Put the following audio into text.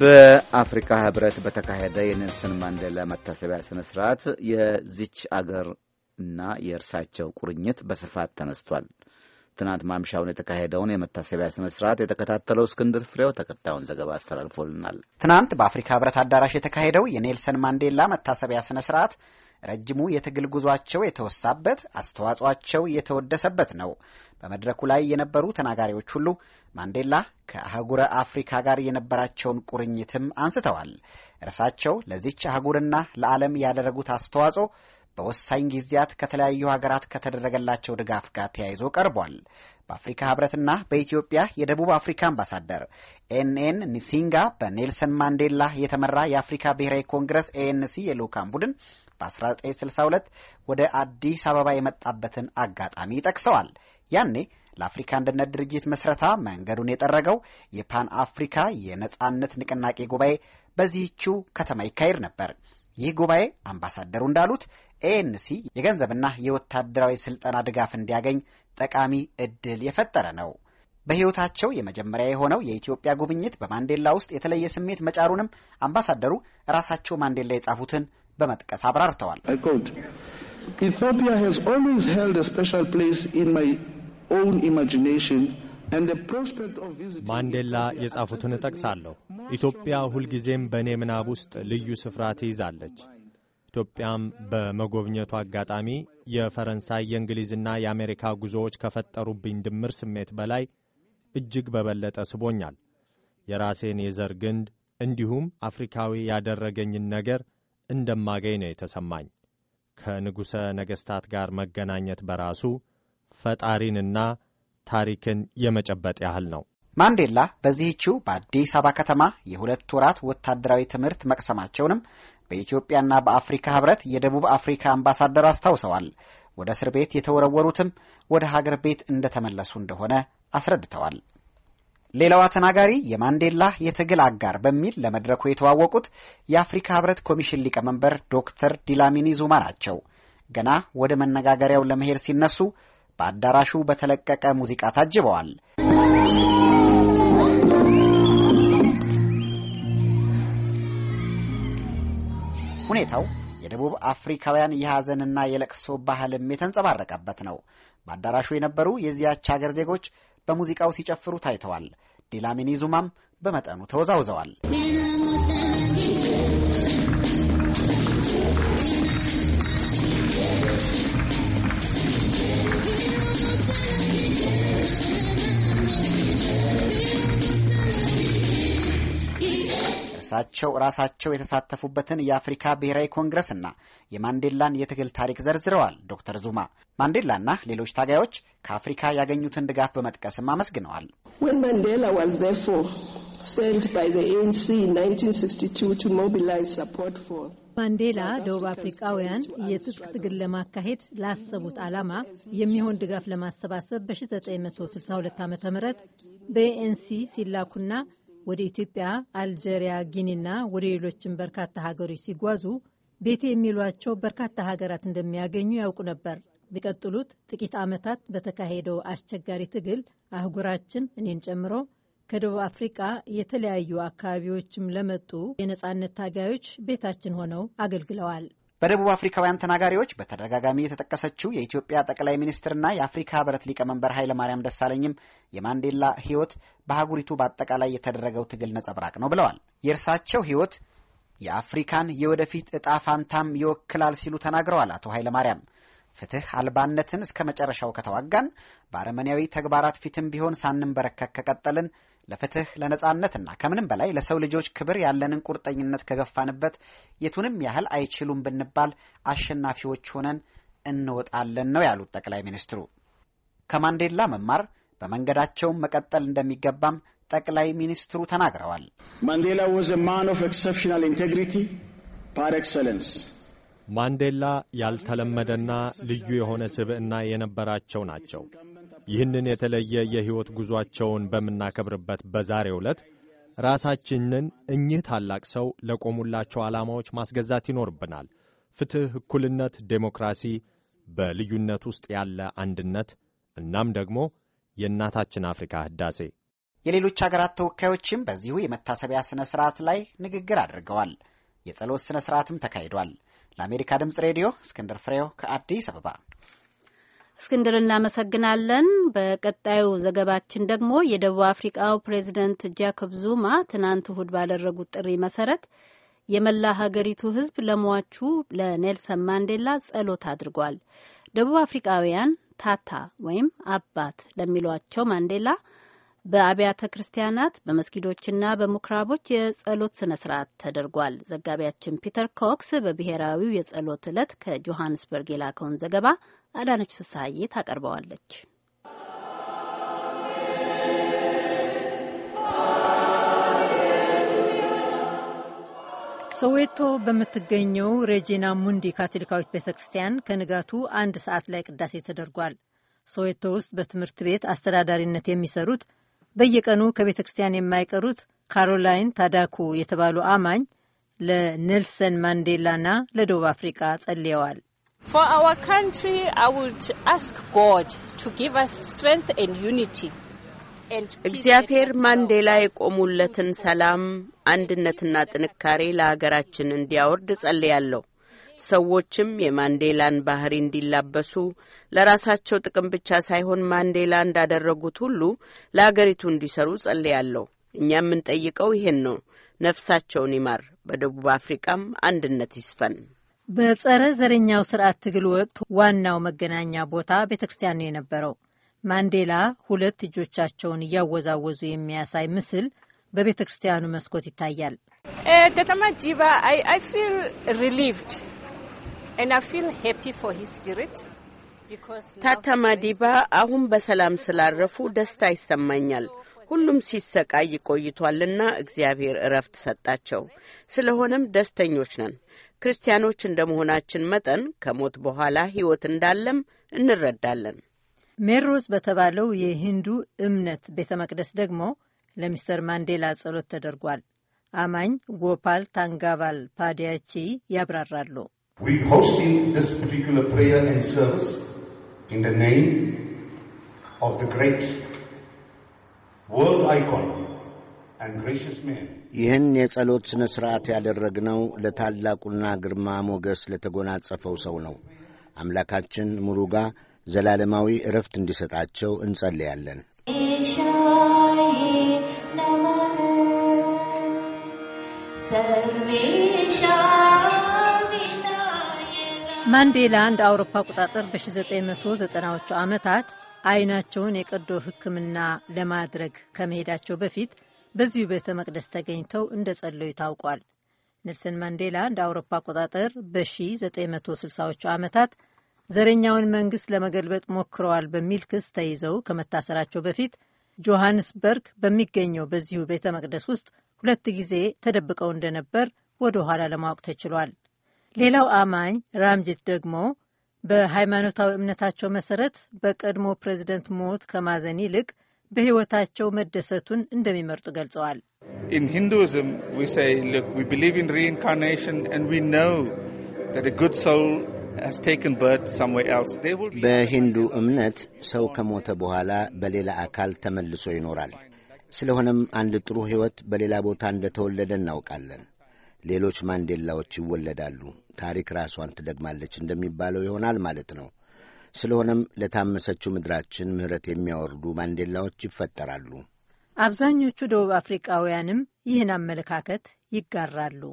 በአፍሪካ ህብረት በተካሄደ የኔልሰን ማንዴላ መታሰቢያ ስነ ስርዓት የዚች አገር እና የእርሳቸው ቁርኝት በስፋት ተነስቷል። ትናንት ማምሻውን የተካሄደውን የመታሰቢያ ስነ ስርዓት የተከታተለው እስክንድር ፍሬው ተከታዩን ዘገባ አስተላልፎልናል። ትናንት በአፍሪካ ህብረት አዳራሽ የተካሄደው የኔልሰን ማንዴላ መታሰቢያ ስነ ስርዓት ረጅሙ የትግል ጉዟቸው የተወሳበት አስተዋጽቸው የተወደሰበት ነው። በመድረኩ ላይ የነበሩ ተናጋሪዎች ሁሉ ማንዴላ ከአህጉረ አፍሪካ ጋር የነበራቸውን ቁርኝትም አንስተዋል። እርሳቸው ለዚች አህጉርና ለዓለም ያደረጉት አስተዋጽኦ በወሳኝ ጊዜያት ከተለያዩ ሀገራት ከተደረገላቸው ድጋፍ ጋር ተያይዞ ቀርቧል። በአፍሪካ ህብረትና በኢትዮጵያ የደቡብ አፍሪካ አምባሳደር ኤንኤን ኒሲንጋ በኔልሰን ማንዴላ የተመራ የአፍሪካ ብሔራዊ ኮንግረስ ኤኤንሲ የልዑካን ቡድን በ1962 ወደ አዲስ አበባ የመጣበትን አጋጣሚ ጠቅሰዋል። ያኔ ለአፍሪካ አንድነት ድርጅት መስረታ መንገዱን የጠረገው የፓን አፍሪካ የነጻነት ንቅናቄ ጉባኤ በዚህችው ከተማ ይካሄድ ነበር። ይህ ጉባኤ አምባሳደሩ እንዳሉት ኤኤንሲ የገንዘብና የወታደራዊ ስልጠና ድጋፍ እንዲያገኝ ጠቃሚ እድል የፈጠረ ነው። በሕይወታቸው የመጀመሪያ የሆነው የኢትዮጵያ ጉብኝት በማንዴላ ውስጥ የተለየ ስሜት መጫሩንም አምባሳደሩ ራሳቸው ማንዴላ የጻፉትን በመጥቀስ አብራርተዋል። ኢትዮጵያ ማንዴላ የጻፉትን እጠቅሳለሁ። ኢትዮጵያ ሁልጊዜም በእኔ ምናብ ውስጥ ልዩ ስፍራ ትይዛለች። ኢትዮጵያም በመጎብኘቱ አጋጣሚ የፈረንሳይ የእንግሊዝና የአሜሪካ ጉዞዎች ከፈጠሩብኝ ድምር ስሜት በላይ እጅግ በበለጠ ስቦኛል። የራሴን የዘር ግንድ እንዲሁም አፍሪካዊ ያደረገኝን ነገር እንደማገኝ ነው የተሰማኝ። ከንጉሠ ነገሥታት ጋር መገናኘት በራሱ ፈጣሪንና ታሪክን የመጨበጥ ያህል ነው። ማንዴላ በዚህችው በአዲስ አበባ ከተማ የሁለት ወራት ወታደራዊ ትምህርት መቅሰማቸውንም በኢትዮጵያና በአፍሪካ ህብረት የደቡብ አፍሪካ አምባሳደር አስታውሰዋል። ወደ እስር ቤት የተወረወሩትም ወደ ሀገር ቤት እንደተመለሱ እንደሆነ አስረድተዋል። ሌላዋ ተናጋሪ የማንዴላ የትግል አጋር በሚል ለመድረኩ የተዋወቁት የአፍሪካ ህብረት ኮሚሽን ሊቀመንበር ዶክተር ዲላሚኒ ዙማ ናቸው። ገና ወደ መነጋገሪያው ለመሄድ ሲነሱ በአዳራሹ በተለቀቀ ሙዚቃ ታጅበዋል። ሁኔታው የደቡብ አፍሪካውያን የሐዘንና የለቅሶ ባህልም የተንጸባረቀበት ነው። በአዳራሹ የነበሩ የዚያች አገር ዜጎች በሙዚቃው ሲጨፍሩ ታይተዋል። ዲላሚኒ ዙማም በመጠኑ ተወዛውዘዋል። እሳቸው ራሳቸው የተሳተፉበትን የአፍሪካ ብሔራዊ ኮንግረስና የማንዴላን የትግል ታሪክ ዘርዝረዋል። ዶክተር ዙማ ማንዴላና ሌሎች ታጋዮች ከአፍሪካ ያገኙትን ድጋፍ በመጥቀስም አመስግነዋል። ማንዴላ ደቡብ አፍሪካውያን የትጥቅ ትግል ለማካሄድ ላሰቡት ዓላማ የሚሆን ድጋፍ ለማሰባሰብ በ1962 ዓ ም በኤንሲ ሲላኩና ወደ ኢትዮጵያ፣ አልጄሪያ፣ ጊኒና ወደ ሌሎችም በርካታ ሀገሮች ሲጓዙ ቤቴ የሚሏቸው በርካታ ሀገራት እንደሚያገኙ ያውቁ ነበር። ቢቀጥሉት ጥቂት ዓመታት በተካሄደው አስቸጋሪ ትግል አህጉራችን እኔን ጨምሮ ከደቡብ አፍሪቃ የተለያዩ አካባቢዎችም ለመጡ የነጻነት ታጋዮች ቤታችን ሆነው አገልግለዋል። በደቡብ አፍሪካውያን ተናጋሪዎች በተደጋጋሚ የተጠቀሰችው የኢትዮጵያ ጠቅላይ ሚኒስትርና የአፍሪካ ህብረት ሊቀመንበር ኃይለማርያም ደሳለኝም የማንዴላ ህይወት በአህጉሪቱ በአጠቃላይ የተደረገው ትግል ነጸብራቅ ነው ብለዋል። የእርሳቸው ህይወት የአፍሪካን የወደፊት እጣ ፋንታም ይወክላል ሲሉ ተናግረዋል። አቶ ኃይለማርያም ፍትህ አልባነትን እስከ መጨረሻው ከተዋጋን፣ በአረመኔያዊ ተግባራት ፊትም ቢሆን ሳንንበረከክ ከቀጠልን ለፍትህ ለነጻነትና ከምንም በላይ ለሰው ልጆች ክብር ያለንን ቁርጠኝነት ከገፋንበት የቱንም ያህል አይችሉም ብንባል አሸናፊዎች ሆነን እንወጣለን ነው ያሉት ጠቅላይ ሚኒስትሩ። ከማንዴላ መማር በመንገዳቸውም መቀጠል እንደሚገባም ጠቅላይ ሚኒስትሩ ተናግረዋል። ማንዴላ ወዝ ማን ኦፍ ኤክሰፕሽናል ኢንቴግሪቲ ፓር ኤክሰለንስ። ማንዴላ ያልተለመደና ልዩ የሆነ ስብዕና የነበራቸው ናቸው። ይህንን የተለየ የሕይወት ጉዟቸውን በምናከብርበት በዛሬ ዕለት ራሳችንን እኚህ ታላቅ ሰው ለቆሙላቸው ዓላማዎች ማስገዛት ይኖርብናል። ፍትሕ፣ እኩልነት፣ ዴሞክራሲ፣ በልዩነት ውስጥ ያለ አንድነት እናም ደግሞ የእናታችን አፍሪካ ህዳሴ። የሌሎች አገራት ተወካዮችም በዚሁ የመታሰቢያ ሥነ ሥርዓት ላይ ንግግር አድርገዋል። የጸሎት ሥነ ሥርዓትም ተካሂዷል። ለአሜሪካ ድምፅ ሬዲዮ እስክንድር ፍሬው ከአዲስ አበባ እስክንድር እናመሰግናለን። በቀጣዩ ዘገባችን ደግሞ የደቡብ አፍሪቃው ፕሬዚደንት ጃኮብ ዙማ ትናንት እሁድ ባደረጉት ጥሪ መሰረት የመላ ሀገሪቱ ሕዝብ ለሟቹ ለኔልሰን ማንዴላ ጸሎት አድርጓል። ደቡብ አፍሪቃውያን ታታ ወይም አባት ለሚሏቸው ማንዴላ በአብያተ ክርስቲያናት በመስጊዶችና በምኩራቦች የጸሎት ስነ ስርዓት ተደርጓል። ዘጋቢያችን ፒተር ኮክስ በብሔራዊው የጸሎት ዕለት ከጆሃንስበርግ የላከውን ዘገባ አዳነች ፍስሀዬ ታቀርበዋለች። ሶዌቶ በምትገኘው ሬጂና ሙንዲ ካቶሊካዊት ቤተ ክርስቲያን ከንጋቱ አንድ ሰዓት ላይ ቅዳሴ ተደርጓል። ሶዌቶ ውስጥ በትምህርት ቤት አስተዳዳሪነት የሚሰሩት በየቀኑ ከቤተ ክርስቲያን የማይቀሩት ካሮላይን ታዳኩ የተባሉ አማኝ ለኔልሰን ማንዴላና ለደቡብ አፍሪቃ ጸልየዋል። እግዚአብሔር ማንዴላ የቆሙለትን ሰላም፣ አንድነትና ጥንካሬ ለሀገራችን እንዲያወርድ ጸልያለሁ። ሰዎችም የማንዴላን ባህሪ እንዲላበሱ ለራሳቸው ጥቅም ብቻ ሳይሆን ማንዴላ እንዳደረጉት ሁሉ ለአገሪቱ እንዲሰሩ ጸልያለሁ። እኛ የምንጠይቀው ይሄን ነው። ነፍሳቸውን ይማር፣ በደቡብ አፍሪቃም አንድነት ይስፈን። በጸረ ዘረኛው ስርዓት ትግል ወቅት ዋናው መገናኛ ቦታ ቤተ ክርስቲያን ነው የነበረው። ማንዴላ ሁለት እጆቻቸውን እያወዛወዙ የሚያሳይ ምስል በቤተ ክርስቲያኑ መስኮት ይታያል። eh, ታታ ማዲባ አሁን በሰላም ስላረፉ ደስታ ይሰማኛል። ሁሉም ሲሰቃይ ቆይቷልና እግዚአብሔር እረፍት ሰጣቸው። ስለሆነም ደስተኞች ነን። ክርስቲያኖች እንደመሆናችን መጠን ከሞት በኋላ ሕይወት እንዳለም እንረዳለን። ሜሮዝ በተባለው የሂንዱ እምነት ቤተ መቅደስ ደግሞ ለሚስተር ማንዴላ ጸሎት ተደርጓል። አማኝ ጎፓል ታንጋቫል ፓዲያቺ ያብራራሉ። We hosting this particular prayer and service in the name of the great world icon and gracious man. ይህን የጸሎት ሥነ ሥርዓት ያደረግነው ለታላቁና ግርማ ሞገስ ለተጎናጸፈው ሰው ነው። አምላካችን ሙሩጋ ዘላለማዊ ዕረፍት እንዲሰጣቸው እንጸልያለን። ሻይ ሰሜ ማንዴላ እንደ አውሮፓ አቆጣጠር በ1990ዎቹ ዓመታት አይናቸውን የቀዶ ሕክምና ለማድረግ ከመሄዳቸው በፊት በዚሁ ቤተ መቅደስ ተገኝተው እንደ ጸለዩ ታውቋል። ኔልሰን ማንዴላ እንደ አውሮፓ አቆጣጠር በ1960ዎቹ ዓመታት ዘረኛውን መንግሥት ለመገልበጥ ሞክረዋል በሚል ክስ ተይዘው ከመታሰራቸው በፊት ጆሐንስበርግ በሚገኘው በዚሁ ቤተ መቅደስ ውስጥ ሁለት ጊዜ ተደብቀው እንደነበር ወደ ኋላ ለማወቅ ተችሏል። ሌላው አማኝ ራምጅት ደግሞ በሃይማኖታዊ እምነታቸው መሰረት በቀድሞ ፕሬዚደንት ሞት ከማዘን ይልቅ በሕይወታቸው መደሰቱን እንደሚመርጡ ገልጸዋል። ኢን ቢሊቭ ጉድ ቴክን በሂንዱ እምነት ሰው ከሞተ በኋላ በሌላ አካል ተመልሶ ይኖራል። ስለሆነም አንድ ጥሩ ሕይወት በሌላ ቦታ እንደተወለደ እናውቃለን። ሌሎች ማንዴላዎች ይወለዳሉ። ታሪክ ራሷን ትደግማለች እንደሚባለው ይሆናል ማለት ነው። ስለሆነም ለታመሰችው ምድራችን ምሕረት የሚያወርዱ ማንዴላዎች ይፈጠራሉ። አብዛኞቹ ደቡብ አፍሪቃውያንም ይህን አመለካከት ይጋራሉ።